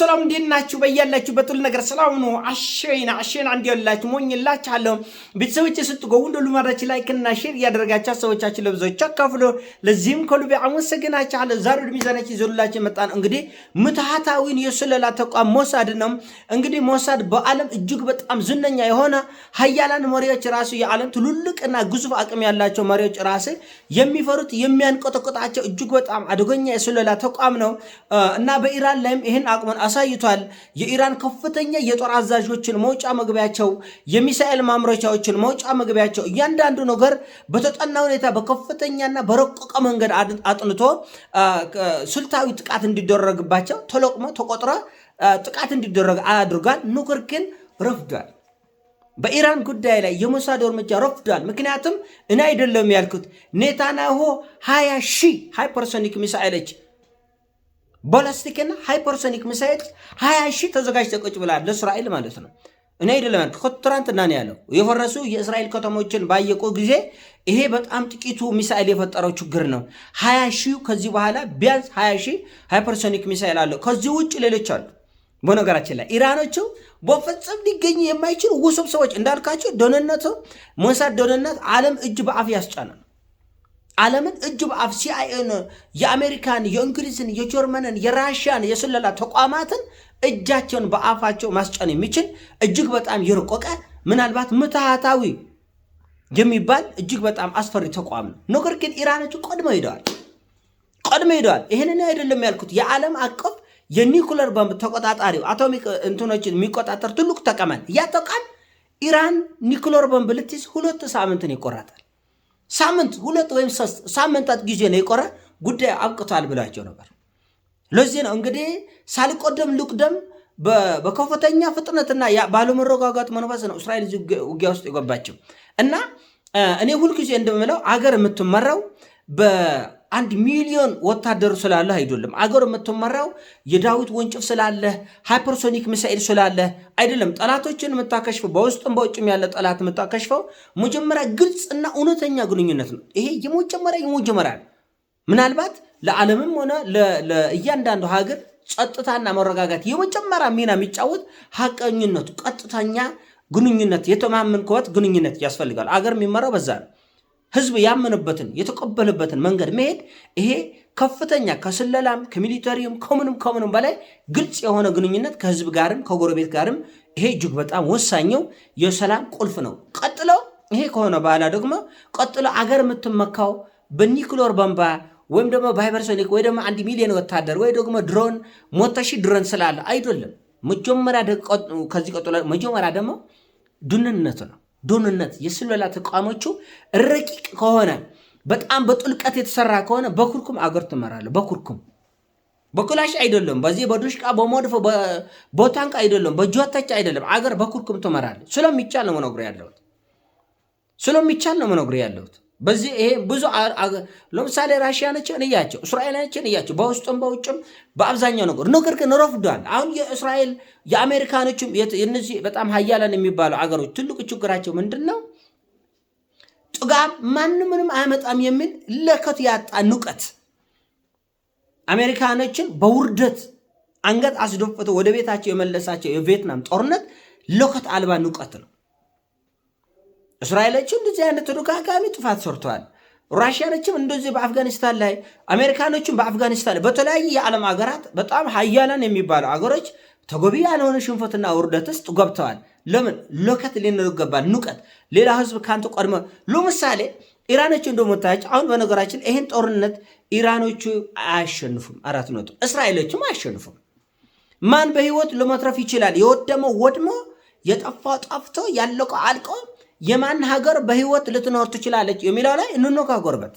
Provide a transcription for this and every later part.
ሰላም እንዴት ናችሁ? በያላችሁ ሁሉ ነገር ሰላም ነው። አሸና አሸና እንዲ ያላችሁ ሞኝላችኋለሁ። ቤተሰቦች ስትጎቡ እንደ ልማዳችሁ ላይክ እና ሼር እያደረጋችሁ ሰዎቻችሁ ለብዙዎች አካፍሎ ለዚህም ከልብ አመሰግናችኋለሁ። ዛሬ ወደ ሚዛናችን ይዘሉላችሁ መጣን። እንግዲህ ምትሃታዊን የስለላ ተቋም ሞሳድ ነው። እንግዲህ ሞሳድ በዓለም እጅግ በጣም ዝነኛ የሆነ ሀያላን መሪዎች ራሱ የዓለም ትልልቅና ግዙፍ አቅም ያላቸው መሪዎች ራሱ የሚፈሩት የሚያንቆጠቆጣቸው እጅግ በጣም አደገኛ የስለላ ተቋም ነው እና በኢራን ላይም ይህን አቅሙን አሳይቷል። የኢራን ከፍተኛ የጦር አዛዦችን መውጫ መግቢያቸው፣ የሚሳኤል ማምረቻዎችን መውጫ መግቢያቸው፣ እያንዳንዱ ነገር በተጠና ሁኔታ በከፍተኛና በረቀቀ መንገድ አጥንቶ ስልታዊ ጥቃት እንዲደረግባቸው ተለቅሞ ተቆጥረ ጥቃት እንዲደረግ አድርጓል። ነገር ግን ረፍዷል። በኢራን ጉዳይ ላይ የሞሳድ እርምጃ ረፍዷል። ምክንያቱም እኔ አይደለም ያልኩት ኔታንያሁ ሀያ ሺህ ሃይፐርሶኒክ ሚሳኤሎች ቦላስቲክና ሃይፐርሶኒክ ሚሳይል ሀያ ሺህ ተዘጋጅተው ቁጭ ብለዋል ለእስራኤል ማለት ነው። እኔ አይደለም ትናንትና ነው ያለው። የፈረሱ የእስራኤል ከተሞችን ባየቁ ጊዜ ይሄ በጣም ጥቂቱ ሚሳኤል የፈጠረው ችግር ነው። ሀያ ሺህ ከዚህ በኋላ ቢያንስ ሀያ ሺህ ሃይፐርሶኒክ ሚሳይል አለው። ከዚህ ውጭ ሌሎች አሉ። በነገራችን ላይ ኢራኖቹ በፍጹም ሊገኝ የማይችል ውስብ ሰዎች እንዳልካቸው ደህንነቱ ሞሳድ ደህንነት ዓለም እጅ በአፍ ያስጫናል። ዓለምን እጅ በአፍ ሲአይኤን፣ የአሜሪካን፣ የእንግሊዝን፣ የጀርመንን፣ የራሽያን የስለላ ተቋማትን እጃቸውን በአፋቸው ማስጫን የሚችል እጅግ በጣም የርቆቀ ምናልባት ምትሃታዊ የሚባል እጅግ በጣም አስፈሪ ተቋም ነው። ነገር ግን ኢራኖቹ ቀድመው ሄደዋል፣ ቀድመው ሄደዋል። ይህንን አይደለም ያልኩት የዓለም አቀፍ የኒኩለር በምብ ተቆጣጣሪው አቶሚክ እንትኖችን የሚቆጣጠር ትልቅ ተቋም ያ ተቋም ኢራን ኒኩለር በምብ ልትይዝ ሁለት ሳምንትን ይቆራታል። ሳምንት ሁለት ወይም ሶስት ሳምንታት ጊዜ ነው የቆረ ጉዳይ አብቅቷል ብላቸው ነበር። ለዚህ ነው እንግዲህ ሳልቆደም ልቅደም በከፍተኛ ፍጥነትና ባለመረጋጋት መንፈስ ነው እስራኤል ውጊያ ውስጥ የገባችው እና እኔ ሁልጊዜ እንደምለው አገር የምትመራው አንድ ሚሊዮን ወታደር ስላለህ አይደለም። አገር የምትመራው የዳዊት ወንጭፍ ስላለህ፣ ሃይፐርሶኒክ ሚሳኤል ስላለህ አይደለም። ጠላቶችን የምታከሽፈው በውስጥም በውጭም ያለ ጠላት የምታከሽፈው መጀመሪያ ግልጽና እውነተኛ ግንኙነት ነው። ይሄ የመጀመሪያ የመጀመሪያ ምናልባት ለዓለምም ሆነ ለእያንዳንዱ ሀገር ጸጥታና መረጋጋት የመጀመሪያ ሚና የሚጫወት ሀቀኝነቱ ቀጥተኛ ግንኙነት የተማመንከወት ግንኙነት ያስፈልጋል። አገር የሚመራው በዛ ነው። ህዝብ ያመነበትን የተቀበለበትን መንገድ መሄድ ይሄ ከፍተኛ ከስለላም ከሚሊተሪም ከምንም ከምንም በላይ ግልጽ የሆነ ግንኙነት ከህዝብ ጋርም ከጎረቤት ጋርም ይሄ እጅግ በጣም ወሳኘው የሰላም ቁልፍ ነው። ቀጥሎ ይሄ ከሆነ በኋላ ደግሞ ቀጥሎ አገር የምትመካው በኒክሎር በንባ ወይም ደግሞ በሃይፐርሶኒክ ወይ ደግሞ አንድ ሚሊዮን ወታደር ወይ ደግሞ ድሮን ሞተሺ ድሮን ስላለ አይደለም። መጀመሪያ ከዚህ ቀጥሎ መጀመሪያ ደግሞ ድህንነት ነው። ዶንነት የስለላ ተቋሞቹ ረቂቅ ከሆነ በጣም በጥልቀት የተሰራ ከሆነ በኩርኩም አገር ትመራለ። በኩርኩም በክላሽ አይደለም፣ በዚህ በዱሽቃ በሞድፎ በታንክ አይደለም፣ በጆታች አይደለም። አገር በኩርኩም ትመራለ። ስለሚቻል ነው መኖግር ያለሁት። ስለሚቻል ነው መኖግር ያለሁት። በዚህ ይሄ ብዙ ለምሳሌ ራሽያኖችን እያቸው እስራኤላችን እያቸው በውስጡም በውጭም በአብዛኛው ነገር ነገር ግን ረፍዷል። አሁን የእስራኤል የአሜሪካኖችም እነዚህ በጣም ሀያላን የሚባሉ አገሮች ትልቁ ችግራቸው ምንድን ነው? ጥጋም ጥጋብ ምንም አያመጣም የሚል ለከት ያጣ ንቀት አሜሪካኖችን በውርደት አንገት አስደፍቶ ወደ ቤታቸው የመለሳቸው የቪየትናም ጦርነት ለከት አልባ ንቀት ነው። እስራኤሎችም እንደዚህ አይነት ተደጋጋሚ ጥፋት ሰርተዋል። ራሽያኖችም እንደዚህ በአፍጋኒስታን ላይ አሜሪካኖችም በአፍጋኒስታን ላይ፣ በተለያየ የዓለም ሀገራት በጣም ሀያላን የሚባሉ አገሮች ተገቢ ያልሆነ ሽንፈትና ውርደት ውስጥ ገብተዋል። ለምን ሎከት ሊኖር ይገባል። ንቀት ሌላ ህዝብ ከአንተ ቀድሞ ለምሳሌ ኢራኖቹ እንደምታያቸው አሁን በነገራችን ይህን ጦርነት ኢራኖቹ አያሸንፉም። አራት ነጥብ እስራኤሎችም አያሸንፉም። ማን በህይወት ለመትረፍ ይችላል? የወደመው ወድሞ የጠፋው ጠፍቶ ያለቀው አልቀው የማን ሀገር በህይወት ልትኖር ትችላለች የሚለው ላይ እንኖካጎርበት።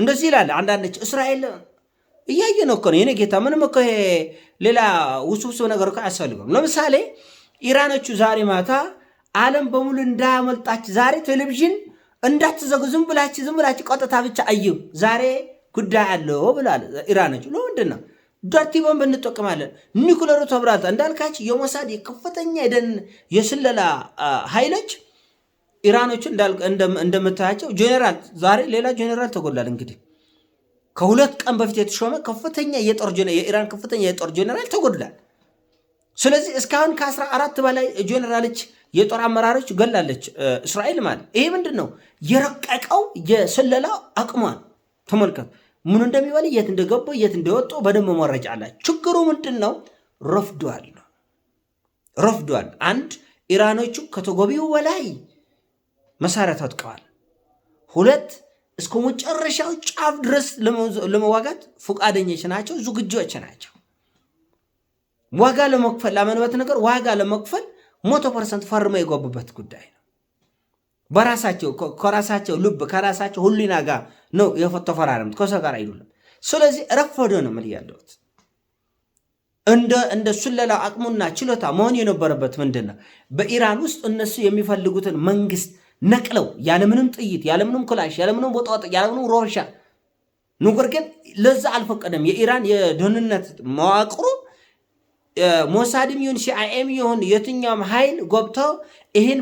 እንደዚህ ይላል። አንዳንዶች እስራኤል ነው እኮ ነው የኔ ጌታ። ምንም እኮ ይሄ ሌላ ውስብስብ ነገር እኮ አያስፈልግም። ለምሳሌ ኢራኖቹ ዛሬ ማታ ዓለም በሙሉ እንዳያመልጣች ዛሬ ቴሌቪዥን እንዳትዘጉ ዝም ብላች ዝም ብላች ቀጥታ ብቻ እዩ ዛሬ ጉዳይ አለው ብሏል ኢራኖቹ። ለምንድን ነው ዳቲ ቦምብ እንጠቀማለን። ኒኩለሩ ተብራታ እንዳልካች የሞሳድ የከፍተኛ የደን የስለላ ኃይሎች ኢራኖቹ እንደምታያቸው ጀኔራል፣ ዛሬ ሌላ ጀኔራል ተጎላል። እንግዲህ ከሁለት ቀን በፊት የተሾመ ከፍተኛ የኢራን ከፍተኛ የጦር ጀኔራል ተጎድላል። ስለዚህ እስካሁን ከአስራ አራት በላይ ጄኔራሎች የጦር አመራሮች ገላለች እስራኤል ማለት ይሄ ምንድን ነው? የረቀቀው የስለላ አቅሟን ተመልከቱ። ምን እንደሚበል የት እንደገቡ የት እንደወጡ በደንብ መረጃ አለ። ችግሩ ምንድን ነው? ረፍዷል ነው ረፍዷል። አንድ ኢራኖቹ ከተጎቢው በላይ መሳሪያ ታጥቀዋል። ሁለት እስከ መጨረሻው ጫፍ ድረስ ለመዋጋት ፈቃደኞች ናቸው፣ ዝግጆች ናቸው። ዋጋ ለመክፈል ላመንበት ነገር ዋጋ ለመክፈል መቶ ፐርሰንት ፈርመው የገቡበት ጉዳይ ነው። በራሳቸው ከራሳቸው ልብ ከራሳቸው ሁሊና ጋር ነው የተፈራረሙት ከሰው ጋር አይደለም። ስለዚህ ረፈዶ ነው ምል ያለሁት እንደ ሱለላ አቅሙና ችሎታ መሆን የነበረበት ምንድን ነው? በኢራን ውስጥ እነሱ የሚፈልጉትን መንግስት ነቅለው ያለምንም ጥይት፣ ያለምንም ክላሽ፣ ያለምንም ቦጣወጥ፣ ያለምንም ሮሻ ነገር ግን ለዛ አልፈቀደም። የኢራን የደህንነት መዋቅሩ ሞሳድም ይሁን ሲአይኤም ይሁን የትኛውም ኃይል ገብተው ይህን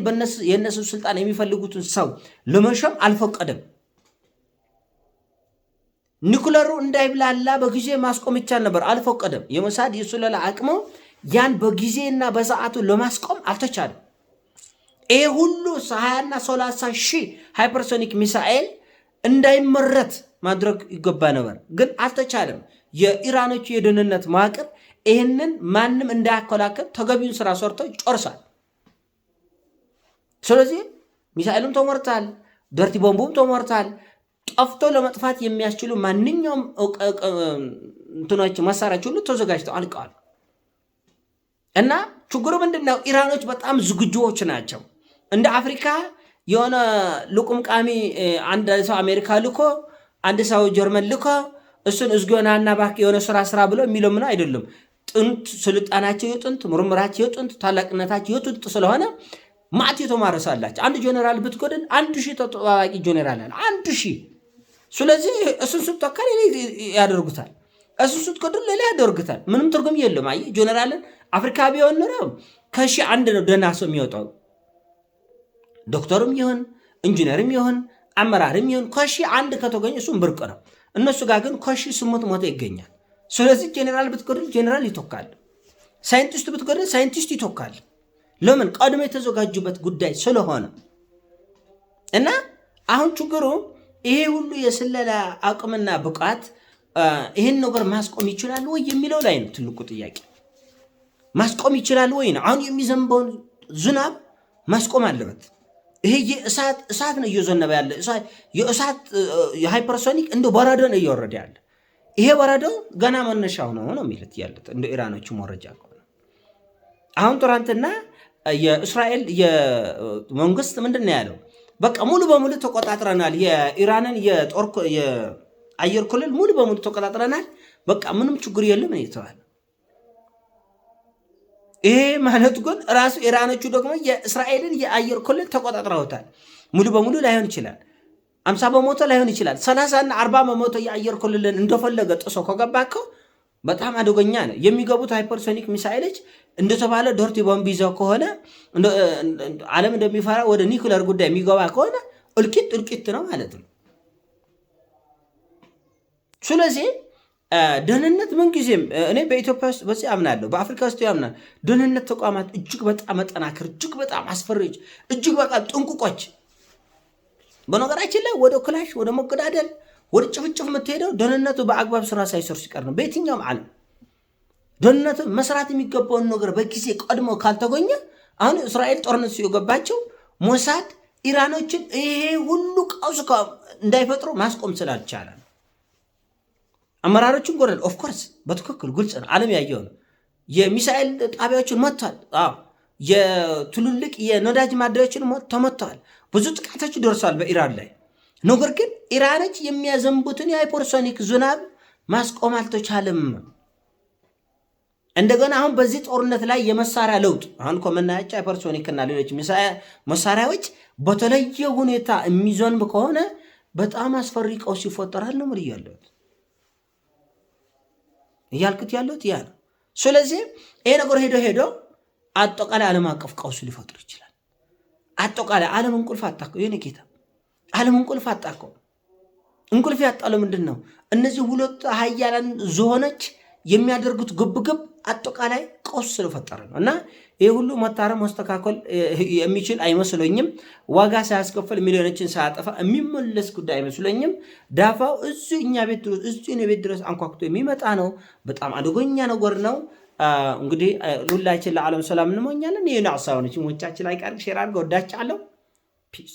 የእነሱ ስልጣን የሚፈልጉትን ሰው ለመሾም አልፈቀደም። ኒኩለሩ እንዳይብላላ በጊዜ ማስቆም ይቻል ነበር፣ አልፈቀደም። የመሳድ የሱለላ አቅሙ ያን በጊዜና በሰዓቱ ለማስቆም አልተቻለም። ይሄ ሁሉ ሀያና ሰላሳ ሺህ ሃይፐርሶኒክ ሚሳኤል እንዳይመረት ማድረግ ይገባ ነበር፣ ግን አልተቻለም። የኢራኖቹ የደህንነት መዋቅር ይህንን ማንም እንዳያከላከል ተገቢውን ስራ ሰርተው ጨርሳል። ስለዚህ ሚሳኤልም ተሞርታል? ደርቲ ቦምቡም ተሞርታል። ጠፍቶ ለመጥፋት የሚያስችሉ ማንኛውም እንትኖች መሳሪያዎች ሁሉ ተዘጋጅተው አልቀዋል። እና ችግሩ ምንድን ነው? ኢራኖች በጣም ዝግጁዎች ናቸው። እንደ አፍሪካ የሆነ ልቁምቃሚ አንድ ሰው አሜሪካ ልኮ አንድ ሰው ጀርመን ልኮ እሱን እዝጎናና ባክ የሆነ ስራ ስራ ብሎ ምን አይደሉም። ጥንት ስልጣናቸው የጥንት ምርምራቸው የጥንት ታላቅነታቸው የጥንት ስለሆነ ማዕት የተማረሳላቸው አንድ ጀኔራል ብትጎድን አንድ ሺህ ተጠባባቂ ጀኔራል አለ አንድ ሺህ ስለዚህ እሱን ስትወካ ሌላ ያደርጉታል፣ እሱን ስትከዱ ሌላ ያደርጉታል። ምንም ትርጉም የለም። አየህ ጀነራልን አፍሪካ ቢሆን ኖሮ ከሺ አንድ ነው ደህና ሰው የሚወጣው ዶክተርም ይሁን ኢንጂነርም ይሁን አመራርም ይሁን ከሺ አንድ ከተገኘ እሱም ብርቅ ነው። እነሱ ጋር ግን ከሺ ስምንት መቶ ይገኛል። ስለዚህ ጀኔራል ብትገድል ጀኔራል ይቶካል። ሳይንቲስት ብትገድል ሳይንቲስት ይቶካል። ለምን? ቀድሞ የተዘጋጁበት ጉዳይ ስለሆነ እና አሁን ችግሩ ይሄ ሁሉ የስለላ አቅምና ብቃት ይህን ነገር ማስቆም ይችላል ወይ የሚለው ላይ ነው ትልቁ ጥያቄ። ማስቆም ይችላል ወይ ነው። አሁን የሚዘንበውን ዝናብ ማስቆም አለበት። ይሄ የእሳት እሳት ነው እየዘነበ ያለ የእሳት የሃይፐርሶኒክ እንደ በረዶ ነው እየወረደ ያለ። ይሄ በረዶ ገና መነሻው ነው ነው የሚለት ያለት እንደ ኢራኖቹ መረጃ ከሆነ አሁን ትናንትና የእስራኤል የመንግስት ምንድን ነው ያለው በቃ ሙሉ በሙሉ ተቆጣጥረናል። የኢራንን የጦር የአየር ክልል ሙሉ በሙሉ ተቆጣጥረናል። በቃ ምንም ችግር የለም ይተዋል። ይሄ ማለት ግን ራሱ ኢራኖቹ ደግሞ የእስራኤልን የአየር ክልል ተቆጣጥረውታል። ሙሉ በሙሉ ላይሆን ይችላል፣ አምሳ በመቶ ላይሆን ይችላል። ሰላሳና አርባ በመቶ የአየር ክልልን እንደፈለገ ጥሶ ከገባከው በጣም አደገኛ ነው። የሚገቡት ሃይፐርሶኒክ ሚሳይሎች እንደተባለ ዶርቲ ቦምብ ይዘው ከሆነ ዓለም እንደሚፈራ ወደ ኒኩለር ጉዳይ የሚገባ ከሆነ እልቂት እልቂት ነው ማለት ነው። ስለዚህ ደህንነት ምንጊዜም እኔ በኢትዮጵያ ውስጥ በዚህ አምናለሁ፣ በአፍሪካ ውስጥ ያምናል። ደህንነት ተቋማት እጅግ በጣም መጠናከር፣ እጅግ በጣም አስፈሪዎች፣ እጅግ በጣም ጥንቁቆች። በነገራችን ላይ ወደ ክላሽ ወደ መገዳደል ወደ ጭፍጭፍ የምትሄደው ደህንነቱ በአግባብ ስራ ሳይሰሩ ሲቀር ነው። በየትኛውም ዓለም ደህንነቱ መስራት የሚገባውን ነገር በጊዜ ቀድሞ ካልተገኘ አሁን እስራኤል ጦርነት ሲገባቸው ሞሳድ ኢራኖችን ይሄ ሁሉ ቀውስ እንዳይፈጥሩ ማስቆም ስላልቻለ ነው። አመራሮችን ጎደል ኦፍኮርስ በትክክል ግልጽ ነው። ዓለም ያየው ነው። የሚሳኤል ጣቢያዎችን መጥቷል። የትልልቅ የነዳጅ ማደያዎችን ተመጥተዋል። ብዙ ጥቃቶች ደርሷል በኢራን ላይ ነገር ግን ኢራኖች የሚያዘንቡትን የሃይፐርሶኒክ ዝናብ ማስቆም አልተቻለም። እንደገና አሁን በዚህ ጦርነት ላይ የመሳሪያ ለውጥ አሁን እኮ ሃይፐርሶኒክ ሃይፐርሶኒክና ሌሎች መሳሪያዎች በተለየ ሁኔታ የሚዘንብ ከሆነ በጣም አስፈሪ ቀውስ ይፈጠራል ነው የምልህ ያለሁት እያልኩት ያለሁት ያ ነው። ስለዚህ ይሄ ነገር ሄዶ ሄዶ አጠቃላይ ዓለም አቀፍ ቀውስ ሊፈጥር ይችላል። አጠቃላይ ዓለም እንቁልፍ አታ የእኔ ጌታ ዓለም እንቁልፍ አጣ እኮ። እንቁልፍ ያጣለው ምንድን ነው? እነዚህ ሁለቱ ሀያላን ዝሆኖች የሚያደርጉት ግብግብ አጠቃላይ ቀውስ ስለፈጠረ ነው። እና ይህ ሁሉ መታረም መስተካከል የሚችል አይመስለኝም። ዋጋ ሳያስከፈል ሚሊዮኖችን ሳያጠፋ የሚመለስ ጉዳይ አይመስለኝም። ዳፋው እዙ እኛ ቤት ድረስ እዙ ቤት ድረስ አንኳክቶ የሚመጣ ነው። በጣም አደገኛ ነገር ነው። እንግዲህ ሁላችን ለዓለም ሰላም እንመኛለን። ይህ ነው ሀሳብ ሞቻችን ላይ ቃርግ ሼር አድርገ ወዳች አለው ፒስ